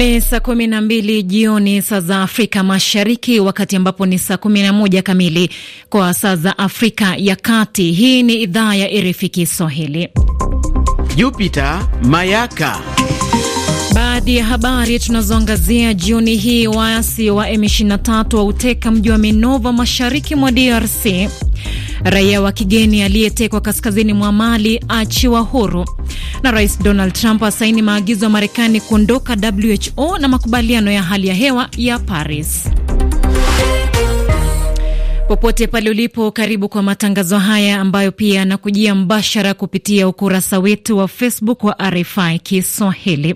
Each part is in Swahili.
Ni saa kumi na mbili jioni saa za Afrika Mashariki, wakati ambapo ni saa kumi na moja kamili kwa saa za Afrika ya Kati. Hii ni idhaa ya RFI Kiswahili. Jupiter Mayaka. Baadhi ya habari tunazoangazia jioni hii: waasi wa M23 uteka mji wa Minova mashariki mwa DRC. Raia wa kigeni aliyetekwa kaskazini mwa Mali achiwa huru, na Rais Donald Trump asaini maagizo ya Marekani kuondoka WHO na makubaliano ya hali ya hewa ya Paris. Popote pale ulipo, karibu kwa matangazo haya ambayo pia yanakujia mbashara kupitia ukurasa wetu wa Facebook wa RFI Kiswahili.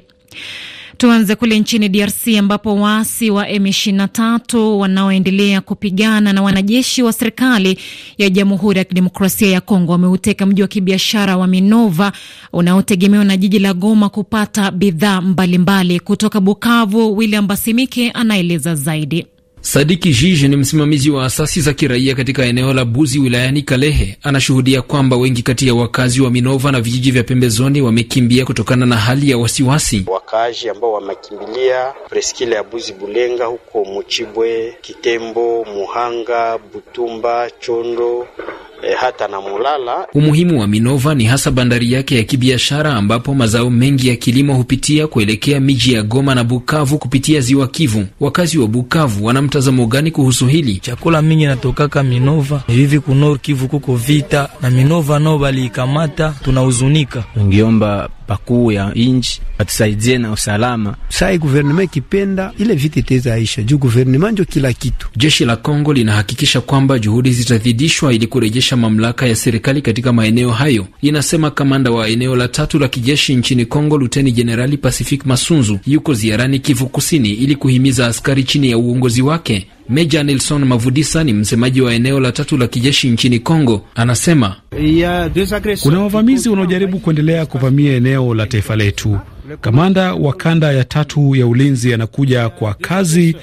Tuanze kule nchini DRC ambapo waasi wa M23 wanaoendelea kupigana na wanajeshi wa serikali ya Jamhuri ya Kidemokrasia ya Kongo wameuteka mji wa kibiashara wa Minova unaotegemewa na jiji la Goma kupata bidhaa mbalimbali. Kutoka Bukavu, William Basimike anaeleza zaidi. Sadiki Jije ni msimamizi wa asasi za kiraia katika eneo la Buzi wilayani Kalehe. Anashuhudia kwamba wengi kati ya wakazi wa Minova na vijiji vya pembezoni wamekimbia kutokana na hali ya wasiwasi. Wakaaji ambao wamekimbilia preskila ya Buzi Bulenga, huko Muchibwe, Kitembo, Muhanga, Butumba, Chondo e, hata na Mulala. Umuhimu wa Minova ni hasa bandari yake ya kibiashara ambapo mazao mengi ya kilimo hupitia kuelekea miji ya Goma na Bukavu kupitia ziwa Kivu. Wakazi wa Bukavu wana mtazamo gani kuhusu hili? Chakula mingi natokaka Minova hivi kunor Kivu kuko vita na Minova nao baliikamata, tunahuzunika. Ungiomba pakuu ya inji atusaidie na usalama sai guvernema ikipenda ile vita aisha juu guvernema njo kila kitu. Jeshi la Kongo linahakikisha kwamba juhudi zitazidishwa ili kurejesha kuimarisha mamlaka ya serikali katika maeneo hayo, inasema kamanda wa eneo la tatu la kijeshi nchini Kongo, Luteni Jenerali Pacific Masunzu yuko ziarani Kivu Kusini ili kuhimiza askari chini ya uongozi wake Meja Nelson Mavudisa ni msemaji wa eneo la tatu la kijeshi nchini Kongo, anasema kuna wavamizi wanaojaribu kuendelea kuvamia eneo la taifa letu. Kamanda wa kanda ya tatu ya ulinzi anakuja kwa kazi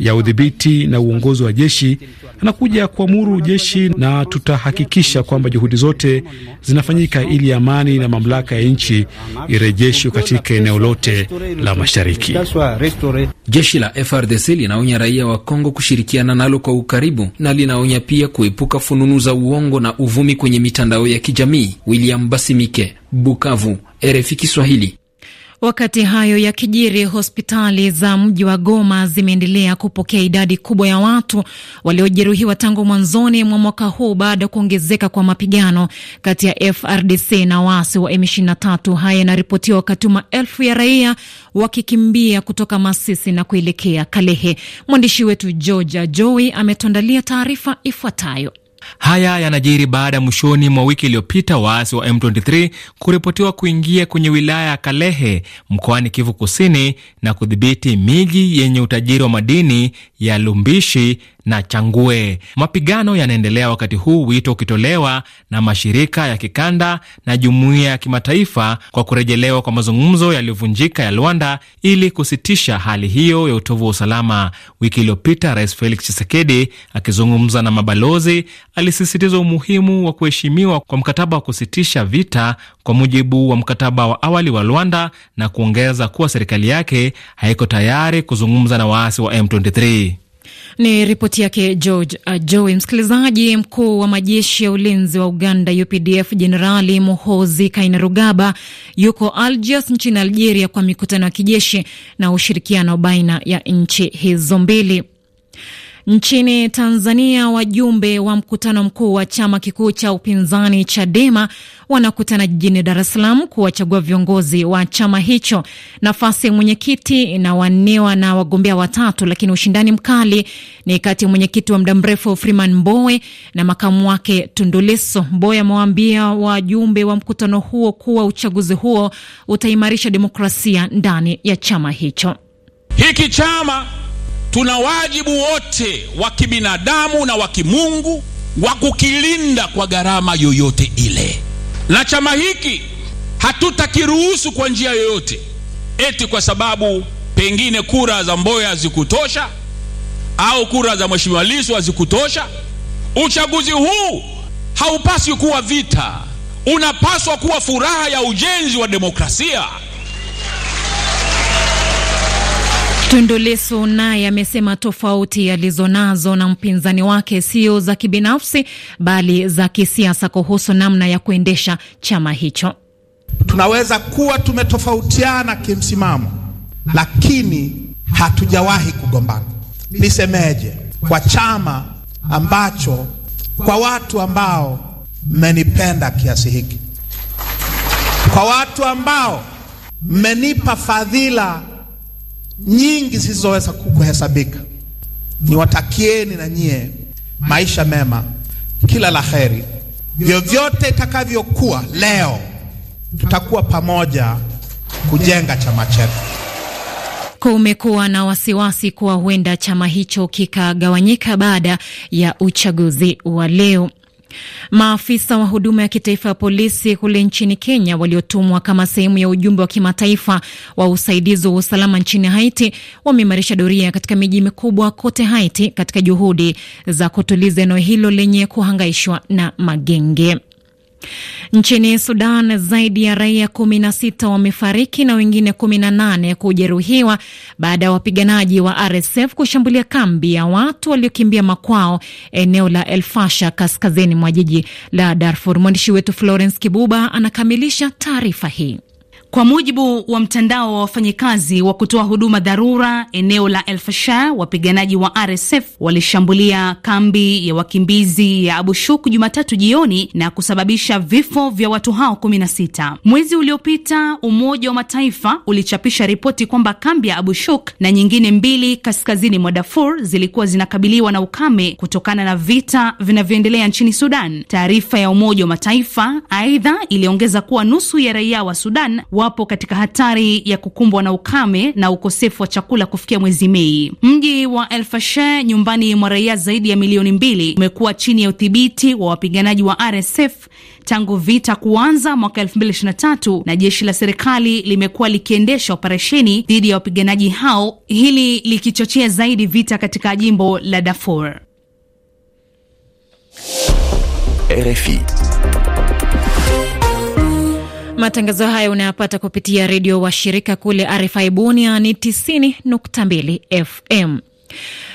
ya udhibiti na uongozi wa jeshi, anakuja kuamuru jeshi, na tutahakikisha kwamba juhudi zote zinafanyika ili amani na mamlaka ya nchi irejeshwe katika eneo lote la mashariki. Jeshi la FRDC linaonya raia wa Kongo kushirikiana nalo kwa ukaribu na linaonya pia kuepuka fununu za uongo na uvumi kwenye mitandao ya kijamii. William Basimike, Bukavu, RFI Kiswahili. Wakati hayo ya kijiri, hospitali za mji wa Goma zimeendelea kupokea idadi kubwa ya watu waliojeruhiwa tangu mwanzoni mwa mwaka huu baada ya kuongezeka kwa mapigano kati ya FRDC na waasi wa M23. Haya yanaripotiwa wakati maelfu ya raia wakikimbia kutoka Masisi na kuelekea Kalehe. Mwandishi wetu Georgia Joey ametuandalia taarifa ifuatayo. Haya yanajiri baada ya mwishoni mwa wiki iliyopita waasi wa M23 kuripotiwa kuingia kwenye wilaya ya Kalehe mkoani Kivu Kusini na kudhibiti miji yenye utajiri wa madini ya Lumbishi na Changue. Mapigano yanaendelea wakati huu, wito ukitolewa na mashirika ya kikanda na jumuiya ya kimataifa kwa kurejelewa kwa mazungumzo yaliyovunjika ya Luanda ili kusitisha hali hiyo ya utovu wa usalama. Wiki iliyopita, Rais Felix Tshisekedi akizungumza na mabalozi alisisitiza umuhimu wa kuheshimiwa kwa mkataba wa kusitisha vita kwa mujibu wa mkataba wa awali wa Luanda na kuongeza kuwa serikali yake haiko tayari kuzungumza na waasi wa M23. Ni ripoti yake George Ajoi. Msikilizaji, mkuu wa majeshi ya ulinzi wa Uganda UPDF Jenerali Muhozi Kainerugaba yuko Algiers nchini Algeria kwa mikutano ya kijeshi na ushirikiano baina ya nchi hizo mbili. Nchini Tanzania, wajumbe wa mkutano mkuu wa chama kikuu cha upinzani Chadema wanakutana jijini Dar es Salaam kuwachagua viongozi wa chama hicho. Nafasi ya mwenyekiti inawaniwa na wagombea watatu, lakini ushindani mkali ni kati ya mwenyekiti wa muda mrefu Freeman Mbowe na makamu wake Tunduliso. mboe Mbowe amewaambia wajumbe wa mkutano huo kuwa uchaguzi huo utaimarisha demokrasia ndani ya chama hicho. Hiki chama tuna wajibu wote wa kibinadamu na wa kimungu wa kukilinda kwa gharama yoyote ile, na chama hiki hatutakiruhusu kwa njia yoyote, eti kwa sababu pengine kura za Mboya hazikutosha au kura za Mheshimiwa Lissu hazikutosha. Uchaguzi huu haupaswi kuwa vita, unapaswa kuwa furaha ya ujenzi wa demokrasia. Tundu Lissu naye amesema tofauti alizonazo na mpinzani wake sio za kibinafsi bali za kisiasa kuhusu namna ya kuendesha chama hicho. Tunaweza kuwa tumetofautiana kimsimamo, lakini hatujawahi kugombana. Nisemeje, kwa chama ambacho, kwa watu ambao mmenipenda kiasi hiki, kwa watu ambao mmenipa fadhila nyingi zisizoweza kuhesabika. Niwatakieni na nyie maisha mema, kila la heri. Vyovyote itakavyokuwa leo, tutakuwa pamoja kujenga chama chetu. Kumekuwa na wasiwasi kuwa huenda chama hicho kikagawanyika baada ya uchaguzi wa leo. Maafisa wa huduma ya kitaifa ya polisi kule nchini Kenya waliotumwa kama sehemu ya ujumbe wa kimataifa wa usaidizi wa usalama nchini Haiti wameimarisha doria katika miji mikubwa kote Haiti katika juhudi za kutuliza eneo hilo lenye kuhangaishwa na magenge. Nchini Sudan, zaidi ya raia kumi na sita wamefariki na wengine kumi na nane kujeruhiwa baada ya wapiganaji wa RSF kushambulia kambi ya watu waliokimbia makwao eneo la elfasha kaskazini mwa jiji la Darfur. Mwandishi wetu Florence Kibuba anakamilisha taarifa hii. Kwa mujibu wa mtandao wa wafanyikazi wa kutoa huduma dharura eneo la Elfasha, wapiganaji wa RSF walishambulia kambi ya wakimbizi ya Abu Shuk Jumatatu jioni na kusababisha vifo vya watu hao 16. Mwezi uliopita Umoja wa Mataifa ulichapisha ripoti kwamba kambi ya Abu Shuk na nyingine mbili kaskazini mwa Darfur zilikuwa zinakabiliwa na ukame kutokana na vita vinavyoendelea nchini Sudan. Taarifa ya Umoja wa Mataifa aidha iliongeza kuwa nusu ya raia wa Sudan wapo katika hatari ya kukumbwa na ukame na ukosefu wa chakula kufikia mwezi Mei. Mji wa El Fasher, nyumbani mwa raia zaidi ya milioni mbili, umekuwa chini ya udhibiti wa wapiganaji wa RSF tangu vita kuanza mwaka 2023 na jeshi la serikali limekuwa likiendesha operesheni dhidi ya wapiganaji hao, hili likichochea zaidi vita katika jimbo la Darfur. RFI Matangazo haya unayapata kupitia redio wa shirika kule RFI Bunia ni 90.2 FM.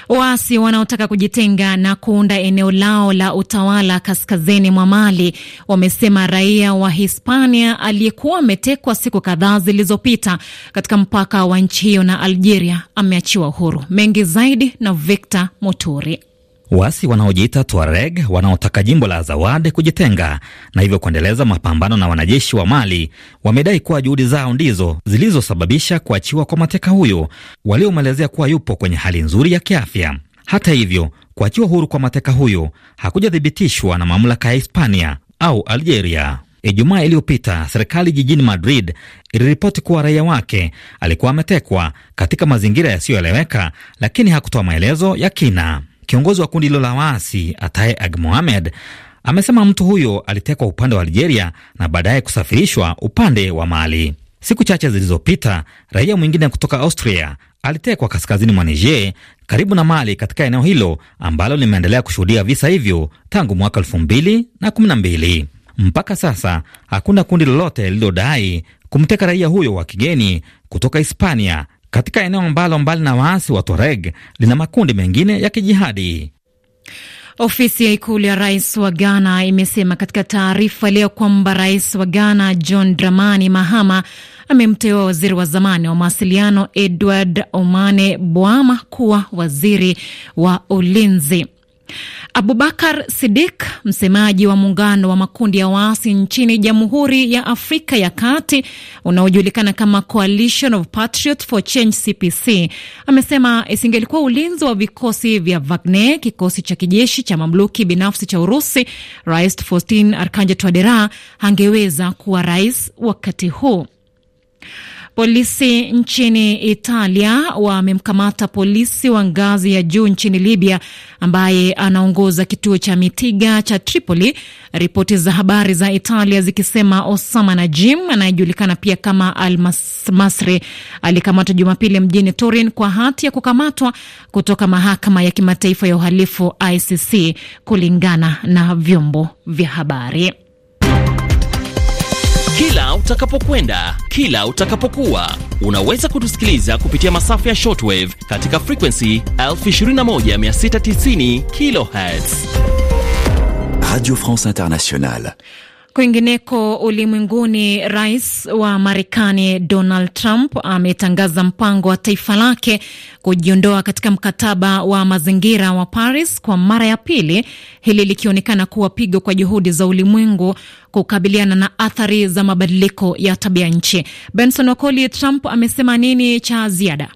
Waasi wanaotaka kujitenga na kuunda eneo lao la utawala kaskazini mwa Mali wamesema raia wa Hispania aliyekuwa ametekwa siku kadhaa zilizopita katika mpaka wa nchi hiyo na Algeria ameachiwa uhuru. Mengi zaidi na Victor Moturi. Waasi wanaojiita Tuareg wanaotaka jimbo la Zawad kujitenga na hivyo kuendeleza mapambano na wanajeshi wa Mali wamedai kuwa juhudi zao ndizo zilizosababisha kuachiwa kwa mateka huyo waliomwelezea kuwa yupo kwenye hali nzuri ya kiafya. Hata hivyo, kuachiwa huru kwa mateka huyo hakujathibitishwa na mamlaka ya Hispania au Algeria. Ijumaa iliyopita serikali jijini Madrid iliripoti kuwa raia wake alikuwa ametekwa katika mazingira yasiyoeleweka, lakini hakutoa maelezo ya kina. Kiongozi wa kundi hilo la waasi Atae Ag Mohamed amesema mtu huyo alitekwa upande wa Algeria na baadaye kusafirishwa upande wa Mali. Siku chache zilizopita, raia mwingine kutoka Austria alitekwa kaskazini mwa Niger karibu na Mali, katika eneo hilo ambalo limeendelea kushuhudia visa hivyo tangu mwaka elfu mbili na kumi na mbili. Mpaka sasa hakuna kundi lolote lililodai kumteka raia huyo wa kigeni kutoka Hispania katika eneo ambalo mbali na waasi wa Tuareg lina makundi mengine ya kijihadi. Ofisi ya ikulu ya rais wa Ghana imesema katika taarifa leo kwamba rais wa Ghana John Dramani Mahama amemteua waziri wa zamani wa mawasiliano Edward Omane bwama kuwa waziri wa ulinzi. Abubakar Sidik, msemaji wa muungano wa makundi ya waasi nchini Jamhuri ya Afrika ya Kati unaojulikana kama Coalition of for Change CPC, amesema isingelikuwa ulinzi wa vikosi vya Wagner, kikosi cha kijeshi cha mamluki binafsi cha Urusi, Rais Faustin Archange Touadera angeweza kuwa rais wakati huu. Polisi nchini Italia wamemkamata polisi wa ngazi ya juu nchini Libya ambaye anaongoza kituo cha Mitiga cha Tripoli, ripoti za habari za Italia zikisema Osama Najim anayejulikana pia kama Al-Masri alikamatwa Jumapili mjini Turin kwa hati ya kukamatwa kutoka mahakama ya kimataifa ya uhalifu ICC, kulingana na vyombo vya habari. Kila utakapokwenda, kila utakapokuwa, unaweza kutusikiliza kupitia masafa ya shortwave katika frequency 21690 kHz. Radio France Internationale. Kwingineko ulimwenguni, rais wa Marekani Donald Trump ametangaza mpango wa taifa lake kujiondoa katika mkataba wa mazingira wa Paris kwa mara ya pili, hili likionekana kuwa pigo kwa juhudi za ulimwengu kukabiliana na athari za mabadiliko ya tabia nchi. Benson Wakoli, Trump amesema nini cha ziada?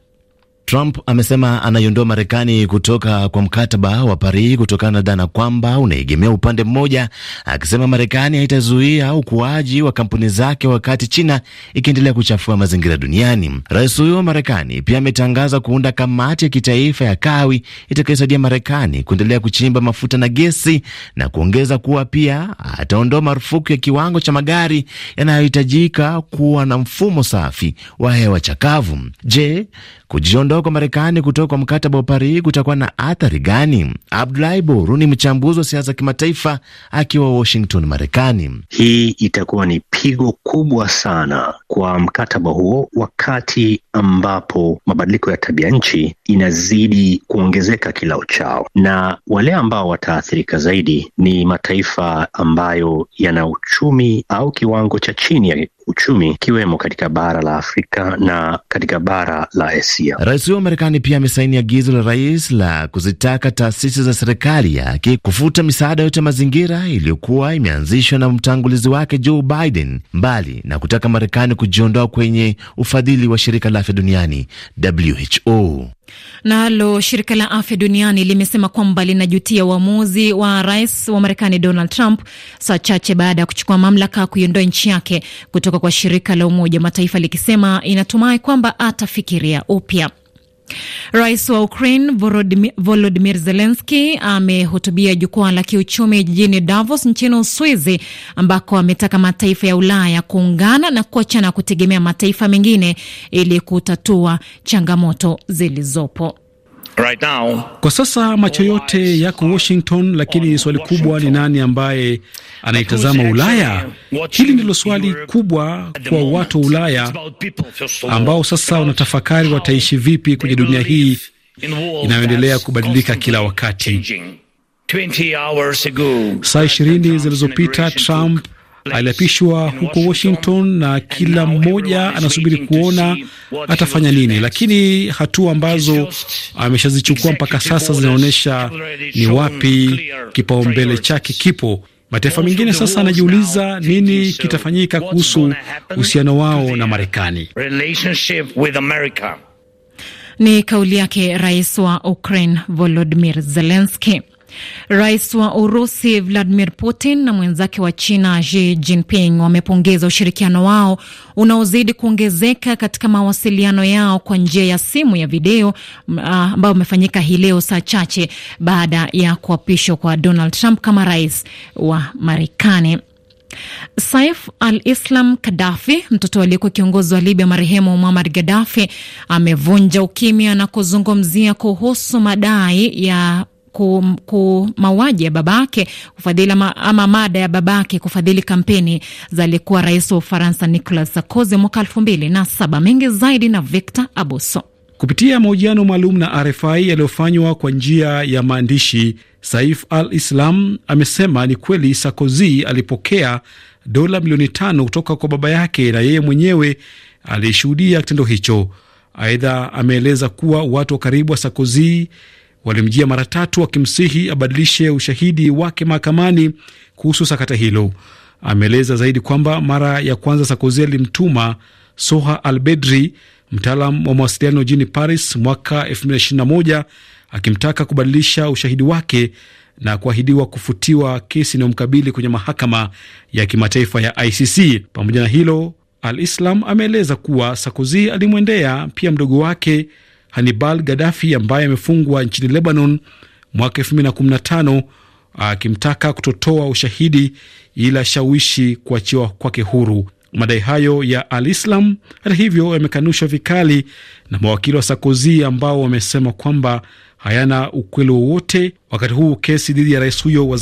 Trump amesema anaiondoa Marekani kutoka kwa mkataba wa Paris kutokana na dhana kwamba unaegemea upande mmoja, akisema Marekani haitazuia ukuaji wa kampuni zake wakati China ikiendelea kuchafua mazingira duniani. Rais huyo wa Marekani pia ametangaza kuunda kamati ya kitaifa ya kawi itakayosaidia Marekani kuendelea kuchimba mafuta na gesi na kuongeza kuwa pia ataondoa marufuku ya kiwango cha magari yanayohitajika kuwa na mfumo safi wa hewa chakavu. Je, kujiondoa kuondoka kwa Marekani kutoka kwa mkataba wa Paris kutakuwa na athari gani? Abdulahi Boru ni mchambuzi wa siasa kimataifa akiwa Washington, Marekani. Hii itakuwa ni pigo kubwa sana kwa mkataba huo, wakati ambapo mabadiliko ya tabia nchi inazidi kuongezeka kila uchao, na wale ambao wataathirika zaidi ni mataifa ambayo yana uchumi au kiwango cha chini ya uchumi ikiwemo katika bara la Afrika na katika bara la Asia. Rais huyo wa Marekani pia amesaini agizo la rais la kuzitaka taasisi za serikali yake kufuta misaada yote ya mazingira iliyokuwa imeanzishwa na mtangulizi wake Joe Biden Yemen, mbali na kutaka Marekani kujiondoa kwenye ufadhili wa shirika la afya duniani WHO. Nalo shirika la afya duniani limesema kwamba linajutia uamuzi wa rais wa Marekani Donald Trump saa chache baada ya kuchukua mamlaka kuiondoa nchi yake kutoka kwa shirika la Umoja wa Mataifa likisema inatumai kwamba atafikiria upya. Rais wa Ukraine Volodimir Zelenski amehutubia jukwaa la kiuchumi jijini Davos nchini Uswizi, ambako ametaka mataifa ya Ulaya kuungana na kuachana kutegemea mataifa mengine ili kutatua changamoto zilizopo right now. Kwa sasa macho yote yako Washington, lakini swali kubwa ni nani ambaye anaitazama Ulaya? Hili ndilo swali kubwa kwa watu wa Ulaya ambao sasa wanatafakari wataishi vipi kwenye dunia hii inayoendelea kubadilika kila wakati. Saa ishirini zilizopita Trump aliapishwa huko Washington na kila mmoja anasubiri kuona atafanya nini, lakini hatua ambazo ameshazichukua mpaka sasa zinaonyesha ni wapi kipaumbele chake kipo. Mataifa mengine sasa anajiuliza nini kitafanyika kuhusu uhusiano wao na Marekani. Ni kauli yake Rais wa Ukraine volodimir zelenski Rais wa Urusi Vladimir Putin na mwenzake wa China Xi Jinping wamepongeza ushirikiano wao unaozidi kuongezeka katika mawasiliano yao kwa njia ya simu ya video ambayo uh, umefanyika hii leo saa chache baada ya kuapishwa kwa Donald Trump kama rais wa Marekani. Saif al-Islam kadafi mtoto aliyekuwa kiongozi wa Libya marehemu Muammar Gaddafi, amevunja ukimya na kuzungumzia kuhusu madai ya mauaji ya babake kufadhili ama, ama mada ya babake kufadhili kampeni za aliyekuwa rais wa Ufaransa Nicolas Sarkozy mwaka elfu mbili na saba. Mengi zaidi na Victor Abuso. Kupitia mahojiano maalum na RFI yaliyofanywa kwa njia ya maandishi, Saif Al Islam amesema ni kweli Sarkozy alipokea dola milioni tano kutoka kwa baba yake na yeye mwenyewe aliyeshuhudia kitendo hicho. Aidha, ameeleza kuwa watu wa karibu wa Sarkozy walimjia mara tatu wakimsihi abadilishe ushahidi wake mahakamani kuhusu sakata hilo. Ameeleza zaidi kwamba mara ya kwanza Sarkozy alimtuma Soha Albedri, mtaalam wa mawasiliano jijini Paris mwaka 2021 akimtaka kubadilisha ushahidi wake na kuahidiwa kufutiwa kesi inayomkabili kwenye mahakama ya kimataifa ya ICC. Pamoja na hilo, Al Islam ameeleza kuwa Sarkozy alimwendea pia mdogo wake Hannibal Gaddafi ambaye amefungwa nchini Lebanon mwaka 2015 akimtaka kutotoa ushahidi ila shawishi kuachiwa kwake huru. Madai hayo ya Al-Islam hata hivyo yamekanushwa vikali na mawakili wa Sarkozy ambao wamesema kwamba hayana ukweli wowote, wakati huu kesi dhidi ya rais huyo